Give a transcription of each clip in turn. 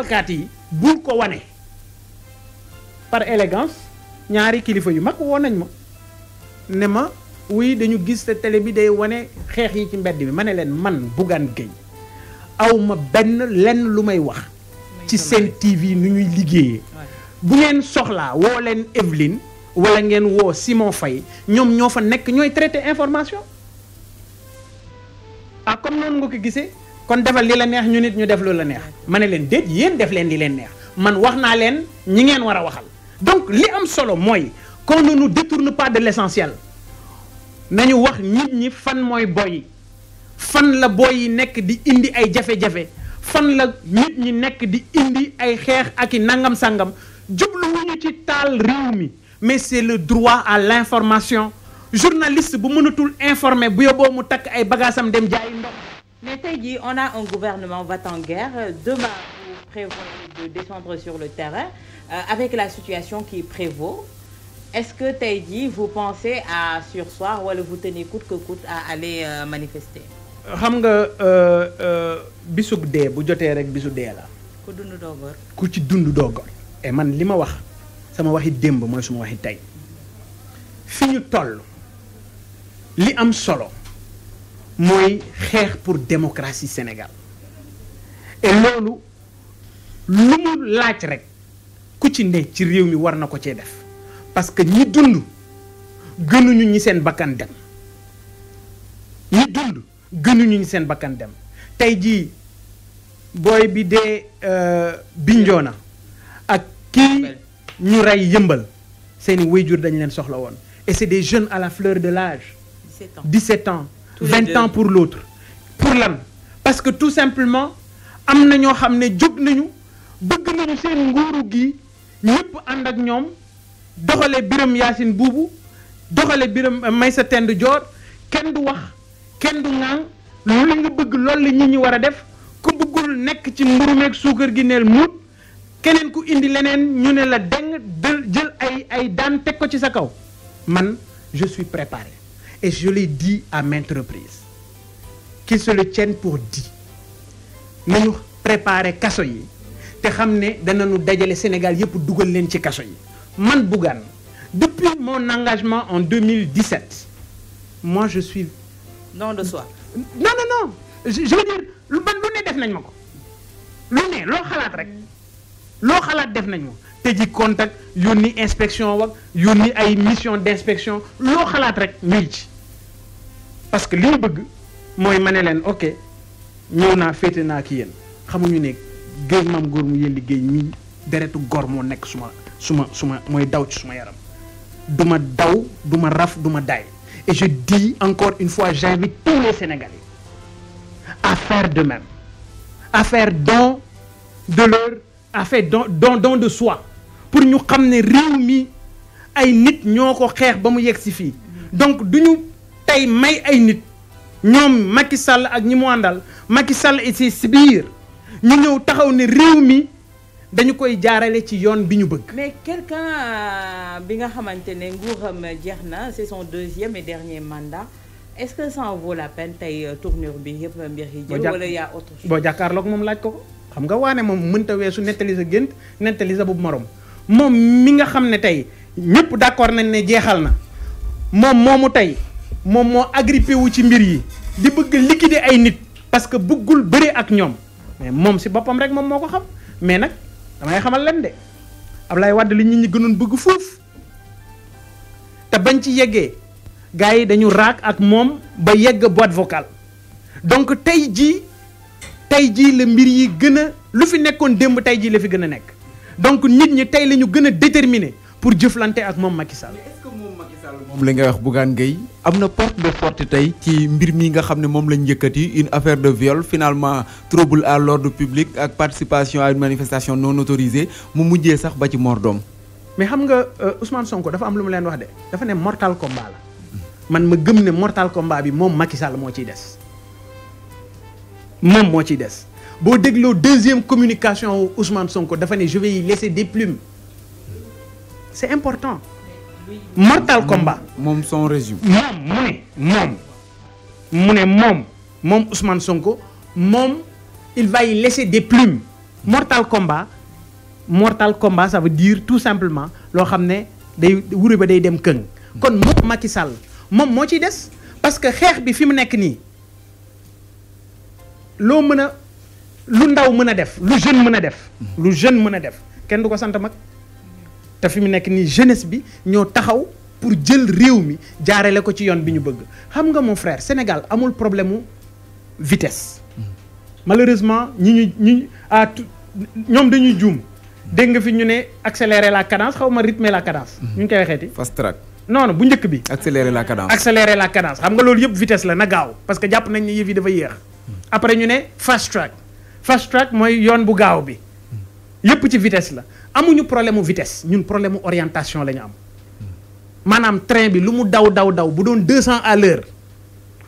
alkaati yi bul ko wane par élégance ñaari kilifa yu mag woo nañ ma ne ma wuy dañu gis sa télé bi day wane xeex yi ci mbedd bi ma ne leen man Bougane Gueye aw benn lenn lu may wax ci seen TV nu ñuy liggéeyee bu ngeen soxlaa woo leen Evelyne wala ngeen woo si moo fay ñoom ñoo fa nekk ñooy traité information ah comme noonu nga ko gisee kon defal li la neex ñu nit ñu def lu la neex ma ne leen déet yéen def leen di leen neex man wax naa leen ñi ngeen war a waxal donc li am solo mooy qu'on ne nu détourne pas de l'essentiel nañu wax nit ñi fan mooy boy fan la boy nekk di indi ay jafe-jafe fan la nit ñi nekk di indi ay xeex ak i nangam sangam jubluwuñu ci taal réew mi mais c'est le droit à l'information journaliste bu mënatul informé bu yóbboo mu takk ay bagaasam dem jaayi ndox. mais tey jii on a un gouvernement va t guerre demain vous prévoyez de descendre sur le terrain euh, avec la situation qui prévaut est-ce que tey jii vous pensez à surseoir wala vous tenez coûte que coûte à aller euh, manifester. xam nga euh, euh, bisub dee bu jotee rek bisu dee la. ku dund doo gor. et man li wax. sama waxi démb mooy suma waxi tey fi ñu toll li am solo mooy xeex pour démocratie Sénégal et loolu lu mu laaj rek ku ci ne ci réew mi war na ko cee def parce que ñi dund gënuñu ñu seen bakkan dem ñi dund gënuñu ñi seen bakkan dem tey jii booy bi dee euh, Bignona ak kii ñu rey yëmbal seeni wayjur dañ leen soxla woon et c'est des jeunes à la fleur de l'âge 17 ans 17 ans Tous 20 ans pour l'autre pour lan parce que tout simplement am na ñoo xam ne jóg nañu bëgg nañu seen nguuru gi ñëpp ànd ak ñoom doxale biram yaasin buubu doxale biram euh, may sa tend joor kenn du wax kenn du ŋaang lu nga bëgg loolu la ñi ñi war a def ku bëggul nekk ci mburu meeg suukar gi neel muut keneen ku indi leneen ñu ne la deng de jël ay ay daan teg ko ci sa kaw man je suis préparé et je l'ai dit à maintes reprises qu'ils se le tiennent pour dit nañu préparé kaso yi te xam ne danañu dajale Sénégal yëpp dugal leen ci kaso yi man Bougane depuis mon engagement en 2017 moi je suis. don de soi. non non non je, je veux dire lu ban lu ne def nañ ma ko lu ne loo xalaat rek. loo xalaat def nañu te ji contact yónni inspection wak yónni ay mission d'inspection loo xalaat rek ñu ci parce que li ñu bëgg mooy ma ne leen ok ñëw naa féete naa ki yéen xamuñu ne géej maam góor mu yéen liggéey mii deretu góor moo nekk ma su ma mooy daw ci suma yaram du ma daw du ma raf du ma daay et je dis encore une fois j'invite tous les Sénégalais à faire de même affaire faire de leur a fait don don don de soi pour ñu xam ne réew mi ay nit ñoo ko xeex ba mu yegg si fii donc du ñu tey may ay nit ñoom Macky Sall ak ñi mu àndal Macky Sall et ses sbires ñu ñëw taxaw ne réew mi dañu koy jaarale ci yoon bi ñu bëgg. mais quelqu'un euh, bi nga xamante ne nguuram jeex na c'est son deuxième et dernier mandat. est-ce que ça en vaut la peine tey euh, tournure bi yëpp mbir yi. jël wala y boo jàkkaarloog moom laaj ko ko. xam nga waane moom mënta weesu nettali sa gént nettali sa bu morom moom mi nga xam ne tey ñëpp d'accord nañ ne jeexal na moom moomu tey moom moo agrippé wu ci mbir yi di bëgg liquider ay nit parce que bëggul bëre ak ñoom mais moom si boppam rek moom moo ko xam mais nag damay xamal leen de lay Wade li nit ñi gënoon bëgg foofu te bañ ci yeggee gars yi dañu raak ak moom ba yegg boîte vocal donc tey jii tey jii la mbir yi gën a lu fi nekkoon démb tey jii la fi gën a nekk donc nit ñi tey la ñu gën a déterminé pour jëflante ak moom Macky Sall. moom Macky Sall wax buggaan Gueye am na porte de porte tey ci mbir mi nga xam ne moom lañ njëkkati une affaire de viol finalement trouble à l'ordre public ak participation à une manifestation non autorisée mu mujjee sax ba ci mort doom mais xam nga euh, Ousmane Sonko dafa am lu mu leen wax de dafa ne mortal combat la man ma gëm ne mortal combat bi moom Macky moo ciy des. moom moo ci des boo dégloo deuxième communication wu Sonko dafa ne je vais y laisser des plumes c'est important. mortal combat moom son résumé. moom mu ne moom mu ne moom moom Ousmane Sonko moom il va y laisser des plumes mortal combat mortal combat ça veut dire tout simplement loo xam ne day wuri ba day dem këng kon moom Macky Sall moom moo ci des parce que xeex bi fi mu nekk nii. loo mën a lu ndaw mën a def lu jeune mën a def lu jeune mën a def kenn du ko sant mag te fi mu nekk nii jeunesse bi ñoo taxaw pour jël réew mi jaarale ko ci yoon bi ñu bëgg xam nga mon frère Sénégal amul problème mu vitesse malheureusement ñi ñu ñi ah ñoom dañuy juum dégg nga fi ñu ne accélérer la cadence xaw ma rythmer la cadence. Mm-hmm. ñu ngi koy waxeeti fast track. bu njëkk bi. accélérer la cadence la cadence xam nga loolu yëpp vitesse la na gaaw parce que jàpp nañ ne yëf yi dafa yéex. après ñu ne fast track fast track mooy yoon bu gaaw bi yépp ci vitesse la amuñu problème mu vitesse ñun problème mu orientation la ñu am maanaam train bi lu mu daw daw daw bu doon deux cent à l'heure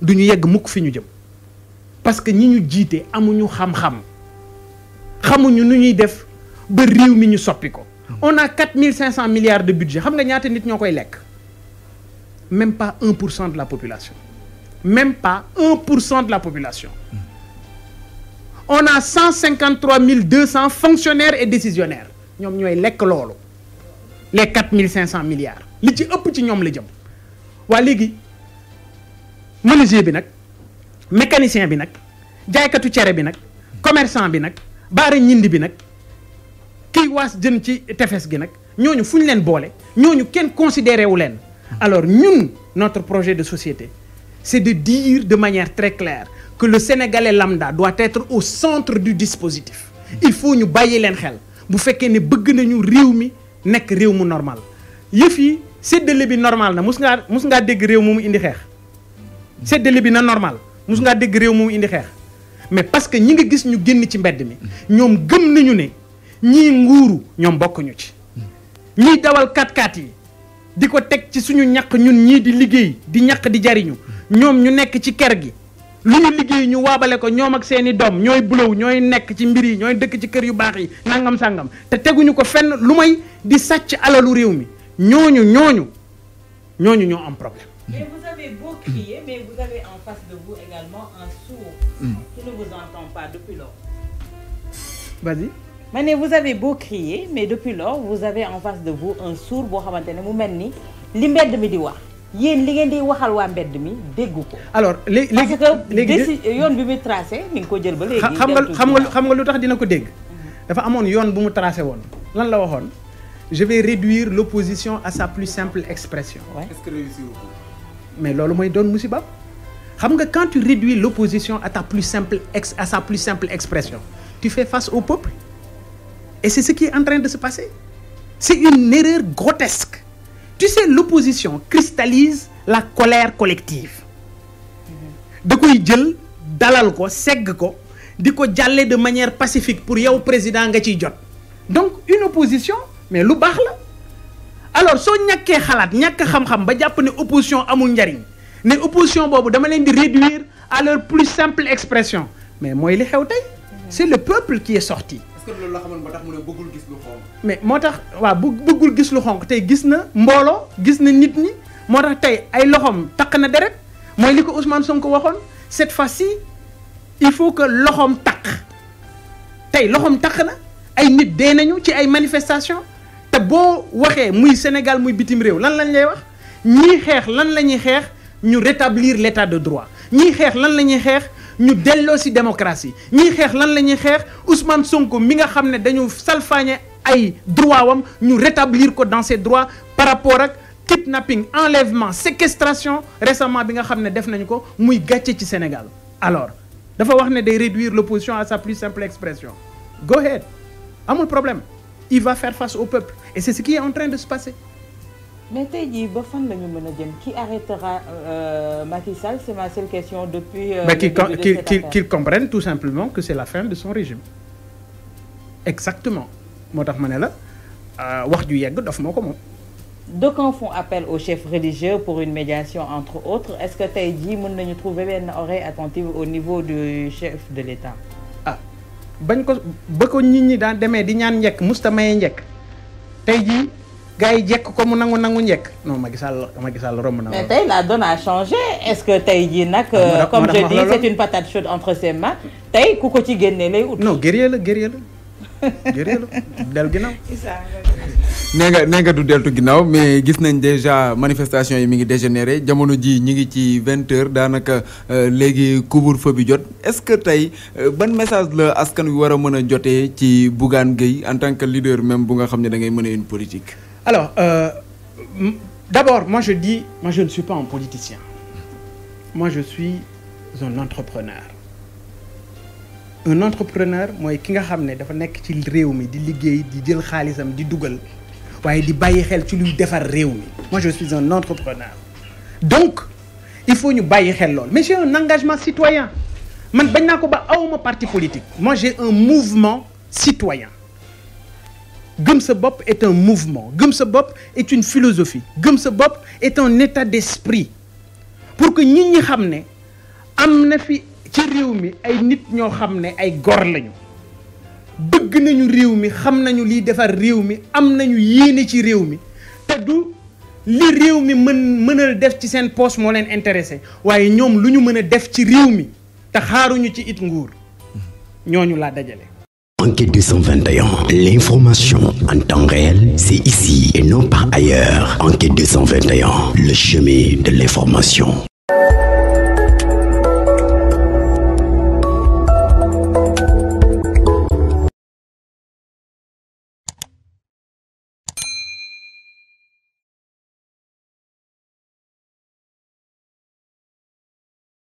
du ñu yegg mukk fi ñu jëm parce que ñi ñu jiite amuñu xam-xam xamuñu nu ñuy def ba réew mi ñu soppi ko. on a quatre mille cinq cent milliards de budget xam nga ñaata nit ñoo koy lekk même pas un pour cent de la population même pas un pour cent de la population. on a 153 200 fonctionnaires et décisionnaires ñoom ñooy lekk loolu les 4500 milliards li ci ëpp ci ñoom la jëm waa léegi menuisier bi nag mécanicien bi nag jaaykatu cere bi nag commerçant bi nag baara ñindi bi nag kiy waas jën ci tefes gi nag ñooñu fu ñu leen boole ñooñu kenn considéré wu leen alors ñun notre projet de société c'est de dire de manière très claire que le Sénégalais lambda doit être au centre du dispositif il faut ñu bàyyi leen xel bu fekkee ne bëgg nañu réew mi nekk réew mu normal yëf yi séddale bi normal na mus ngaa mus ngaa dégg réew mu mu indi xeex séddale bi na normal mus ngaa dégg mu indi xeex mais parce que ñi nga gis ñu génn ci mbedd mi ñoom gëm nañu ne ñii nguuru ñoom bokkuñu ci ñiy dawal kat-kat yi di ko teg ci suñu ñaq ñun ñii di liggéey di ñaq di jariñu ñoom ñu nekk ci ker gi lu ñu liggéey ñu waabale ko ñoom ak seeni doom ñooy bulow ñooy nekk ci mbir yi ñooy dëkk ci kër yu baax yi nangam sangam te teguñu ko fenn lu may di sàcc alalu réew mi ñooñu ñooñu ñooñu ñoo am problème. mais vous avez en face de vous également un sourd hmm. qui ne vous entend pas depuis lors. crier mais vous avez en face de vous un sourd boo xamante ne mu mel ni li mbedd mi di wax. yéen li ngeen di waxal waa mbedd mi dégg ko. alors léegi léegi parce yoon bi muy tracé mi ngi ko jël ba léegi. xam nga xam nga xam nga lu tax dina ko dégg. Mm-hmm. dafa amoon yoon bu mu tracé woon lan la waxoon je vais réduire l'opposition à sa plus simple expression. mais loolu mooy doon musiba xam nga quand tu réduis l'opposition à ta plus ex à sa plus simple expression tu fais face au peuple et c'est ce qui est en train de se passer c'est une erreur grotesque. tu sais l'opposition cristallise la colère collective da koy jël dalal ko segg ko di ko jàlle de manière pacifique pour yow président nga ciy jot donc une opposition mais lu baax la alors soo ñàkkee xalaat ñàkk xam-xam ba jàpp ne opposition amul njariñ ne opposition boobu dama leen di réduire à leur plus simple expression mais mooy li xew tey c'est le peuple qui est sorti que loolu la xamoon ba tax mu ne bëggul gis mais moo tax waaw bu bëggul gis lu xonq tey gis na mbooloo gis na nit ñi moo tax tey ay loxoom takk na deret mooy li ko Ousmane ko waxoon cette fois-ci il faut que loxoom takk tey loxoom takk na ay nit dee nañu ci ay manifestations te boo waxee muy Sénégal muy bitim réew lan lañ lay wax ñii xeex lan la ñuy xeex ñu rétablir l'état de droit ñii xeex lan la ñuy xeex. ñu delloo si démocratie ñiy xeex lan la ñuy xeex Ousmane Sonko mi nga xam ne dañu salfaañe ay droit wam ñu rétablir ko dans ses droits par rapport ak kidnapping enlèvement séquestration récemment bi nga xam ne def nañu ko muy gàcce ci Sénégal alors dafa wax ne day réduire l'opposition à sa plus simple expression go ahead amul problème il va faire face au peuple et c'est ce qui est en train de se passer mais tey jii ba fan la ñu mën a jëm qui arrêtera euh, Macky Sall c'est ma seule question depuis. Euh, mais qu'il qu'il qu'il qu'il comprenne tout simplement que c'est la fin de son régime. exactement moo tax ma ne la euh, wax ju yegg daf moo ko moom. d'aucuns font appel au chefs religieux pour une médiation entre autres est-ce que tey ji mën nañu trouver benn oreille attentive au niveau du chef de l'État. ah bañ ko ba ko nit ñi daan demee di ñaan njëkk musta maye njekk tey jii. gars yi jekk ko mu nangu nangu njekk non Macky Sall Macky Sall romb na. mais tey la donne a changé que tey jii nag. Ah, euh, comme je dis c'est une patate chaude entre ses mains ku ko ci génnee lay ut. non guerrier la guerrier la. jërëjëf del ginnaaw. nee nga nee du deltu ginnaaw mais gis nañ déjà manifestation yi mi ngi dégénéré jamono ji ñi ngi ci vingt daanaka euh, léegi couvre-feu bi jot est-ce que tey euh, ban message la askan wi war a mën a jotee ci Bougane Gueye en tant que leader même bu nga xam ne da ngay mën a une politique. alors euh, d'abord moi je di moi je ne suis pas un politicien moi je suis un entrepreneur un entrepreneur mooy ki nga xam ne dafa nekk ci li réew mi di liggéey di jël xaalisam di dugal waaye di bàyyi xel ci luy defar réew mi moi je suis un entrepreneur donc il faut ñu bàyyi xel lool mais j'ai un engagement citoyen man bañ naa ko ba awma parti politique moi j'ai un mouvement citoyen gëm sa bopp est un mouvement gëm sa bopp est une philosophie gëm sa bopp est un état d'esprit pour que nit ñi xam ne am na fi ci réew mi ay nit ñoo xam ne ay gor lañu bëgg nañu réew mi xam nañu liy defar réew mi am nañu yéene ci réew mi te du li réew mi mën mënal def ci seen poste moo leen intéressé waaye ñoom lu ñu mën a def ci réew mi te xaaruñu ci it nguur ñooñu laa dajale Enquête 221. L'information en temps réel, c'est ici et non pas ailleurs. Enquête 221. Le chemin de l'information.